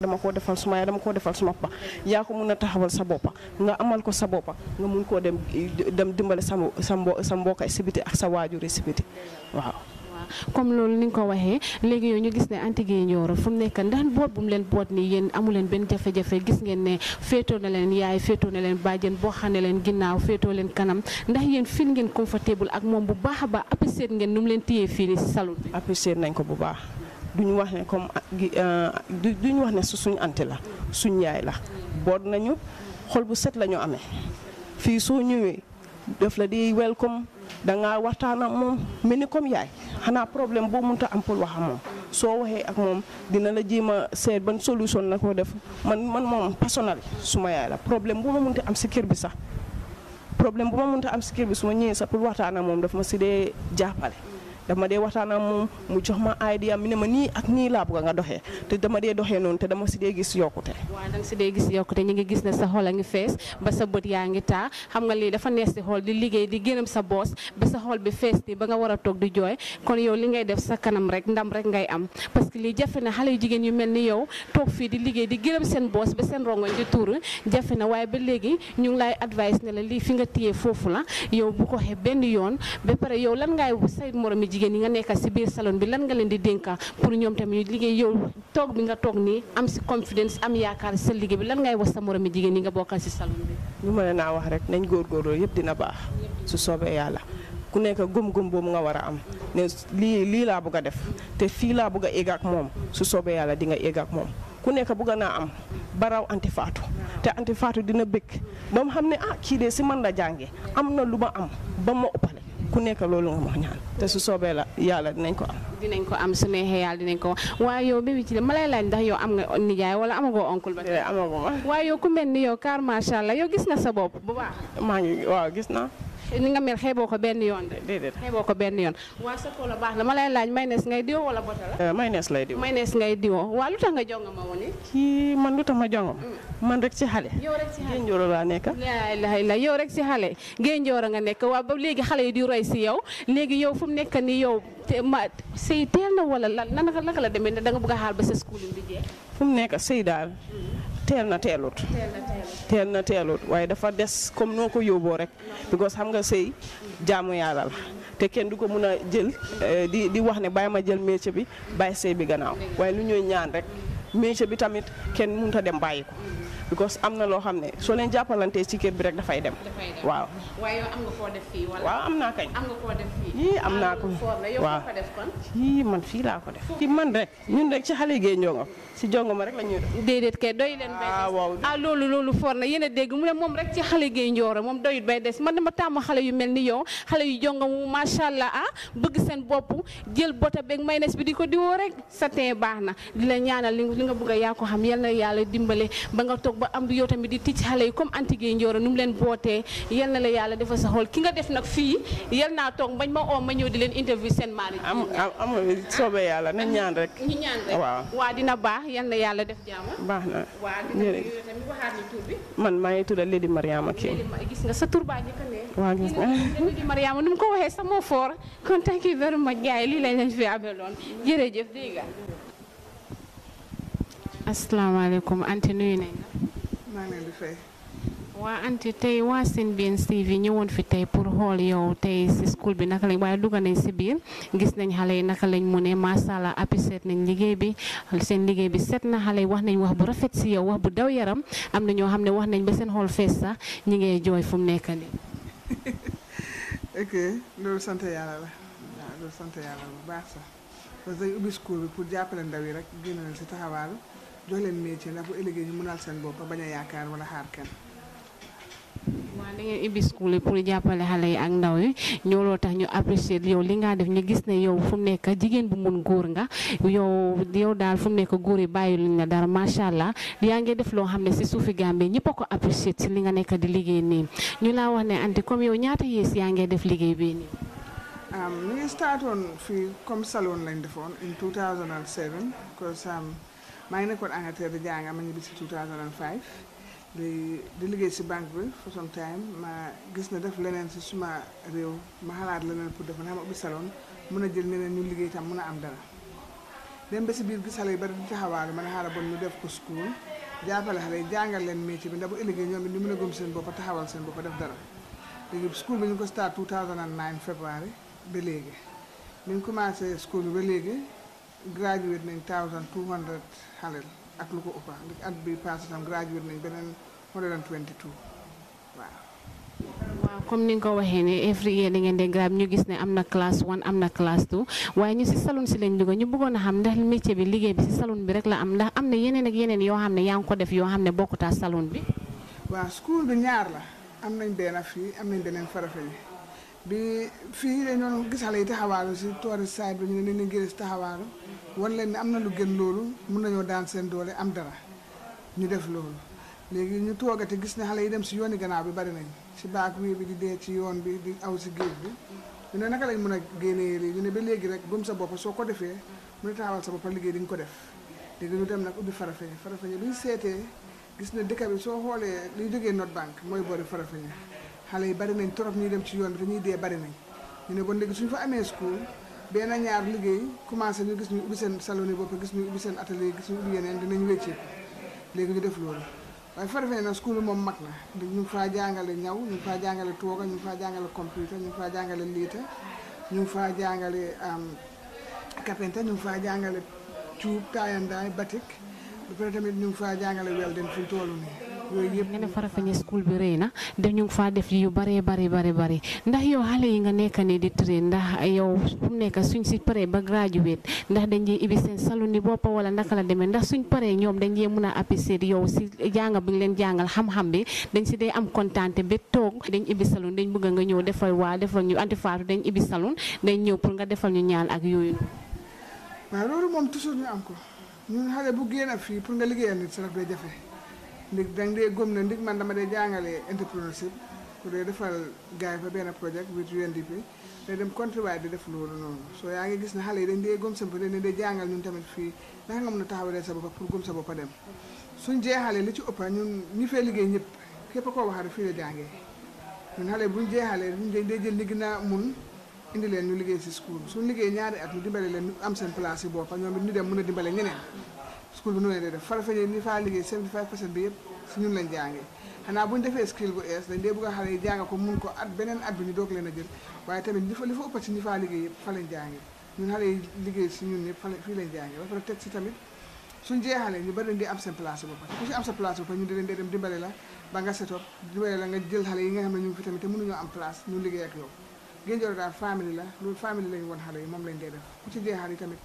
dama koo defal suma yaay dama koo defal suma papa yaa ko mun a taxawal sa boppa nga amal ko sa boppa nga mun koo dem dem dimbale sa sa mbo sa mbokk si ak sa waajur si biti waaw. comme loolu ni nga ko waxee léegi yow ñu gis ne antigé Nioro fu mu nekk ndax boot bu leen boot nii yéen amu leen benn jafe-jafe gis ngeen ne féetoo na leen yaay féetoo na leen bàjjen boo xam leen ginnaaw féetoo leen kanam ndax yéen fil ngeen confortable ak moom bu baax ba baax apprécié ngeen nu mu leen téyee fii nii si salon nañ ko bu baax. duñu wax ne comme euh, duñu wax ne su suñ anti la suñ yaay la boot nañu xol bu set la amee fii soo ñëwee def la di welcome dangaa waxtaan ak moom mel ni comme yaay xanaa problème boo mënta am pour wax soo waxee ak moom dina la jéem a seet ban solution la ko def man man moom personnel suma yaay la problème bu ma mënta am si kër bi sax problème bu ma ta am si kër bi su ma ñëwee sax pour waxtaan ak moom daf ma si dee jàppale dama dee waxtaan ak mu jox ma idea mi ne ma ni ak ni la bëgg nga doxé té dama dee doxé non té dama ci dee gis yokuté wa danga ci dee gis yokuté ñi nga gis ne sa xol nga fess ba sa bëtt yaa ngi xam nga li dafa nees ci xol di liggéey di gënëm sa boss ba sa xol bi fess ni ba nga wara tok di joy kon yow li ngay def sa kanam rek ndam rek ngay am parce que li jafé na xalé jigen yu melni yow tok fi di liggéey di gënëm sen boss ba sen rongoñ di tour jafé na waaye ba légui ñu ngi lay advice ne la li fi nga tiyé fofu la yow bu ko xé benn yoon ba paré yow lan ngay say moromi jigéen yi nga nekk si biir salon bi lan nga leen di dénka pour ñoom tamit liggéey yow toog bi nga toog nii am si confidence am yaakaar si sa liggéey bi lan ngay wax sa moromi jigéen yi nga bokkal si salon bi. ñu mën naa wax rek nañ góorgóorloo yëpp dina baax su nga war am ne lii lii laa bëgg a def te fii laa bëgg a moom su soobee yàlla di nga moom ku nekk bëgg naa am baraw anti faatu te anti faatu dina ba mu xam ne ah kii de si man na lu ma am ba ma ëppale ku nekk loolu nga ma ñaan te su soobee la yàlla dinañ ko am. dinañ ko am su neexee yàlla dinañ ko am waaye yow Bébé Chile ma lay laaj ndax yow am nga nijaay wala amagoo oncle ba. Eh, amagoo ma waaye yow ku mel ni yow car macha allah yow gis nga sa bopp bu baax. maa waaw gis na ni nga mel xeeboo ko benn yoon de. déedéet xeeboo ko benn yoon. waa sa ko la baax na ma lay laaj mayonnaise ngay diwoo wala bota la. Eh, mayonnaise lay diwoo mayonnaise ngay diwoo waa lu tax nga jonga ma woon kii man lu tax ma jongam. Mm. man rek ci xale. yow rek ci xale laa nekk. laa ilaha yow rek ci xale génjooro nga nekk waa ba léegi xale yi di roy si yow léegi yow fu mu nekk nii yow te ma sëy teel na wala lan naka la demee da nga bëgg a xaar ba sa school bi jeex. fu mu nekk sëy daal. Mm. teel na teelut teel na teelut waaye dafa des comme noo ko yóbboo rek because xam nga sëy jaamu yàlla te kenn du ko mun a jël eh, di di wax ne bàyyi ma jël métier bi bàyyi sëy bi gannaaw waaye lu ñuy ñaan rek métier bi tamit kenn mun ta dem bàyyi ko because amna na loo xam ne soo leen jàppalantee ci kër bi rek dafay dem. dafay dem waaw. waaye yow am nga koo def fii wala. waaw am naa kañ. am nga koo def fii. yii am naa ko ko ah, def kon. man fii laa ko def. ci man rek ñun rek ci si Jongo rek la ñuy def. doy leen bay ah, des. ah loolu loolu foor na yéen a mu ne moom rek ci xale yi Njooro moom doyut bay des man dama tàmm xale yu mel yow xale yu Jongo mu allah ah bëgg seen jël bota maynes bi rek sa ñaanal li nga bëgg a ko xam ba nga ba am yow tamit di ticc xale yi comme anti gay njooro nu leen bootee yal na la yàlla defal sa xool ki nga def nag fii yal naa toog bañ ma oo ma ñëw di leen interview seen mari am a soobee yàlla nañ ñaan rek waaw waa dina baax yal yàlla def jaama baax na waa dina yow tamit waxaat ñu gis nga sa tur baa njëkk ne ko waxee sama foor kon thank you very lii lañ leen fi abeloon jërëjëf dégg nga anti nuyu nañ maa ngi leen di fay. waa anti tey waa Sen Beans TV ñëwoon fi tey pour xool yow tey si school bi naka lañ waaye dugg nañ si biir gis nañ xale yi naka lañ mu ne macha allah api seet nañ liggéey bi seen liggéey bi seet na xale yi wax nañ wax bu rafet si yow wax bu daw yaram am na ñoo xam ne wax nañ ba seen xool fees sax ñi ngay jooy fu mu nekk nii. ok sant yàlla la baax sax parce que ubbi jox leen métier ndax bu ëllëgee ñu mënal seen da ngeen ibbi school yi pour jàppale xale yi ak ndaw yi ñoo loo tax ñu apprécier yow li nga def ñu gis ne yow fu nekk jigéen bu mun góor nga yow yow daal fu mu nekk góor yi bàyyi luñ la dara macha allah yaa ngi def loo xam ne si suufi Gambie ñëpp ko apprécier si li nga nekk di liggéey nii ñu la wax ne anti comme yow ñaata yées yaa ngi def liggéey bii nii. ñu ngi startoon fii lañ defoon in 2007 maa ngi nekkoon Angleterre di jàng ma ngi bis si 2005 di di liggéey si banque bi for some time ma gis na def leneen si suma réew ma xalaat leneen pour def na xam ubbi salon mun a jël ñeneen ñu liggéey tam mun a am dara dem ba si biir gi xale yi bari di taxawaalu man a xaaral bon ñu def ko school jàppale xale jàngal leen métier bi ndax bu ëllëgee ñoom ñu mën a gëm seen bopp taxawal seen bopp def dara léegi school bi ñu ko start 2009 février ba léegi ñu commencé school bi ba léegi graduate nañ thousand bi passé tam graduate comme ni nga ko waxee ne every year da ngeen di grab ñu gis ne am na classe one am na classe two waaye ñu si salon si lañ dugg ñu bëggoon a xam ndax métier bi liggéey bi si salon bi rek la am ndax am na yeneen ak yeneen yoo xam ne yaa ngi ko def yoo xam ne bokkutaa saloon bi waa school bi ñaar la am nañ benn fii am nañ beneen Farafenni bi fii de doon gis xale yi taxawaalu si toori saay bi ñu ne leen gërës taxawaalu wan leen am na lu gën loolu mun nañoo daan seen doole am dara ñu def loolu léegi ñu toogate gis ne xale yi dem si yooni gannaaw bi bari nañ si baak wii bi di dee ci yoon bi di aw si géej bi ñu ne naka lañ mun a génnee li ñu ne ba léegi rek gëm sa bopp soo ko defee mu ne taxawal sa bopp liggéey di ñu ko def léegi ñu dem nag ubbi fara Farafeñe bi ñu seetee gis ne dëkk bi soo xoolee liy jógee North Bank mooy boori Farafeñe xale yi bari nañ trop ñuy dem ci yoon bi ñuy dee bari nañ ñu ne bon léegi suñu fa amee school benn ñaar liggéey commencé ñu gis ñu ubbi seen salon yi bopp gis ñu ubbi seen atelier gis ñu ubbi yeneen dinañ wéccee léegi ñu def loolu waaye farfee na school moom mag na ñu ngi faa jàngale ñaw ñu faa jàngale tooga ñu ngi faa jàngale computer ñu ngi faa jàngale liita ñu ngi faa jàngale carpenter ñu ngi faa jàngale cuub taayandaay batik ba pare tamit ñu ngi faa jàngale welding fi ñu toll nii yooyu yëpp nga ne school bi rëy na dañu fa faa def yu bare bare bare bare ndax yow xale yi nga nekk nii di train ndax yow fu nekk suñ si paree ba graduate ndax dañ ibi salon ni boppa wala naka la demee ndax suñ paree ñoom dañ jee yow si janga bi janga leen jàngal xam-xam bi dañ si dee am kontaante ba toog dañ ibi salon dañ bëgg nga ñëw defal waa defal ñu antifaatu dañ ibi salon dañ ñëw pour nga defal ñu ñaan ak yooyu waaw loolu moom toujours ñu am ko bu pour nga liggéeyal nit sa daf ndig dang dee gëm na ndig man dama dee jàngale entrepreneurship ku dee defal gars yi fa benn projet with UNDP day dem contribuer di def loolu noonu soo yaa ngi gis ne xale yi dañ dee gëm sa bopp dañ dee jàngal ñun tamit fii naka nga mën a taxawalee sa bopp pour gëm sa bopp a dem suñ jeexalee li ci ëpp ñun ñu fee liggéey ñëpp képp koo waxaat fii la jàngee ñun xale buñ jeexalee ñun dañ dee jël li gën a mun indi leen ñu liggéey si school suñ liggéey ñaari at ñu dimbale leen am seen place yi boppam ñoom ñu dem mën a dimbale ñeneen school pour cent bi yëpp si ñun lañ jàngee xanaa bu ñu defee skill bu ees dañ a xale yi jàng ko mun ko at beneen at bi ñu doog leen si ñun yëpp fa fii lañ jàngee ba pare teg si tamit suñ jeexalee ñu bari leen di am seen place bopp ku si am sa place bopp ñu dee dem dimbale la ba nga setop dimbale la nga jël xale yi nga xam ne ñu fi tamit te mënuñoo am place ñu liggéey ak yow Gënjoor daal famille la loolu famille lañu woon xale yi moom lañ dee def ku ci jeexal yi tamit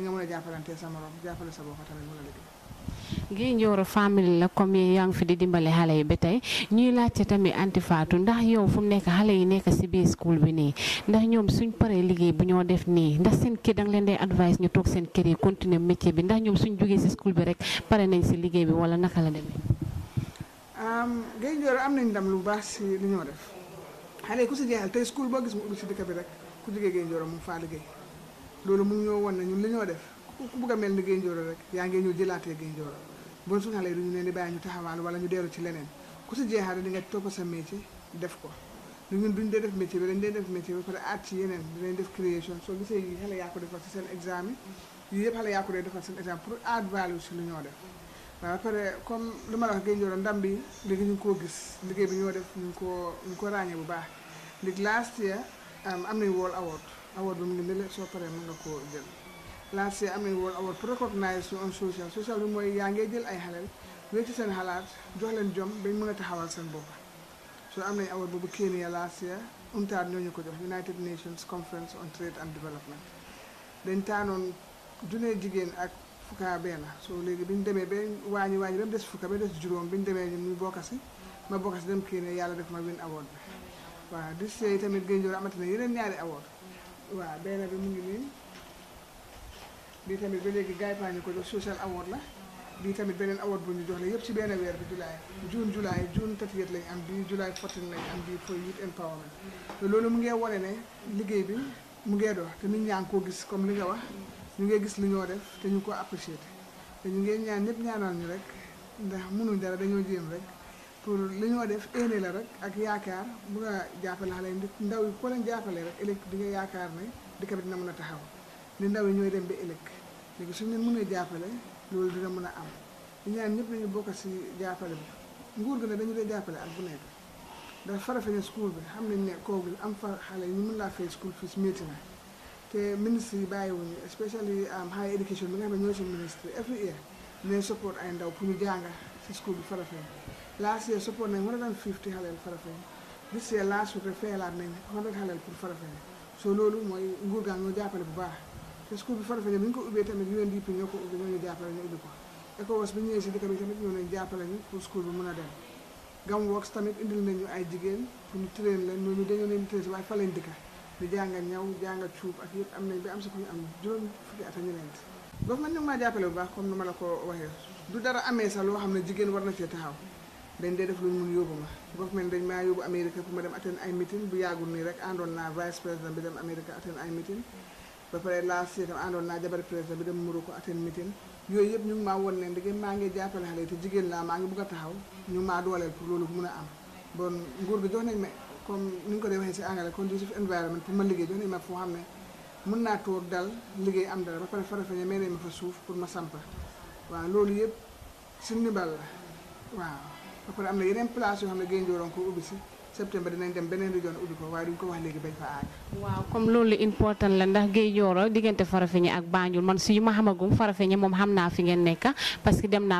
ki nga mën a jàppalantee sa morom jàppale sa bopp a liggéey. Gaye Njoro la comme yaa ngi fi di dimbale xale yi ba tey ñuy laajte tamit anti faatu ndax yow fu mu nekk xale yi nekk si biir school bi nii ndax ñoom suñ paree liggéey bu ñoo def nii ndax seen kër da nga leen day advice ñu toog seen kër yi continuer métier bi ndax ñoom suñ jógee si school bi rek pare nañ si liggéey bi wala naka la demee. Gaye Njoro am nañ ndam lu baax si li ñoo def xale yi ku si jeexal tey school loolu mu ñoo won na ñun li ñoo def ku bugg a mel ni Gaynjooro rek yaa ngi ñëw jëlaatee Gaynjooro bon suñu xale yi duñu leen di bàyyi ñu taxawaal wala ñu dellu ci leneen ku si jeexaale di nga topp sa métier def ko ñun duñ dee def métier bi dañ def métier bi pare aat ci yeneen dinañ def création soo gisee yi xale yaa ko defal si seen examen yi yëpp xale yaa ko dee defal seen examen pour aat value si lu ñoo def waaw pare comme li ma la wax Gaynjooro ndam bi léegi ñu ngi koo gis liggéey bi ñoo def ñu ngi koo ko ràññee bu baax léegi last year am nañ World Award award bi mu ngi nële soo paree mën nga koo jël last year amee woon award pour recognize ñu on social social bi mooy yaa ngay jël ay xaleel wéy seen xalaat jox leen jom bañ mën a taxawal seen bopp soo am nañ award boobu Kenya last year UNTAD ñoo ñu ko jox United Nations on Trade and Development dañ taanoon junee jigéen ak fukka benn soo léegi bi ñu demee ba waañi waañi ba mu des fukka bi ñu demee ñun ñu bokka si ma bokka yàlla def ma win award bi waaw dis yooyu tamit Gànjoor amati na yeneen ñaari award waaw benn bi mu ngi nii bii tamit ba léegi gaay paa ñu ko jox social award la bii tamit beneen award bu ñu jox la yëpp ci benn weer bi julaay june julaay june thirtieth lañ am bii julaay fourteen lañ am bii for youth empowerment te loolu mu ngee wane ne liggéey bi mu ngee dox te nit ñaa koo gis comme li nga wax ñu ngee gis li ñoo def te ñu ko apprécié te ñu ngee ñaan ñëpp ñaanal ñu rek ndax mënuñ dara dañoo jéem rek pour li ñoo def éene la rek ak yaakaar bu nga jàppale xale yi ndaw yi ko leen jàppale rek ëllëg di nga yaakaar ne di bi dina mën a taxaw ni ndaw yi ñooy dem bi ëllëg léegi su suñu leen mënee jàppale loolu dina mën a am di ñaan ñëpp nañu bokk si jàppale bi nguur gi ne dañu dee jàppale ak bu nekk dafa farafene school bi xam ne ne kooku am fa xale yi ñu mën laa fay school fees métti na te ministre yi bàyyiwuñu especially am um, higher education bi nga xam ne ñoo si ay ndaw pour ñu jànga si school bi farafene last year support nañ 150 xaleel Farafenni this year last week rek fayalaat nañ 100 xaleel pour Farafenni so no mooy nguur gaa ñoo japa bu baax te school bi Farafenni bi ñu ko ubbee tamit UNDP ñoo ko ubbi ñoo ñu jàppale ñu ubbi ko ECOWAS bi ñëwee si dëkk bi tamit ñoo leen jàppale ñu pour school bi mën a dem Gamworks tamit indil nañu ay jigéen pour ñu train leen ñooñu dañoo leen train waaye fa lañ dëkka di jàng ñaw jàng cuub ak yëpp am nañ bi am si ko ñu am juróom I am ak ñeent boobu man ñu ngi maa jàppale Come no comme ni ma la ko waxee du dara amee sax loo xam ne jigéen war na cee taxaw dañ dee def lu ñu mun yóbbu ma boobu mel dañ maa yóbbu Amérique pour ma dem atteindre ay meeting bu yàggul nii rek àndoon naa vice président bi dem Amérique atteindre ay meeting ba pare laa si itam àndoon naa jabar président bi dem Morocco woon ne ndegem maa ngi jàppale xale te jigéen laa maa ngi a taxaw dooleel pour loolu mun a ma si anglais conducive liggéey jox nañ ma foo xam ne mun naa toog dal liggéey am dara ba pare farafeñe may nañ ma fa suuf pour ma sampa waaw loolu yëpp si ndimbal la waaw ba pare am na yeneen place yoo xam ne géej gi waroon ko ubbi si septembre dinañ dem beneen région ubbi ko waaye duñ ko wax léegi bañ fa aag. waaw comme loolu important la ndax Géejooro diggante Farafeñe ak Banjul man si yu ma xamagum Farafeñe moom xam naa fi ngeen nekk parce que dem naa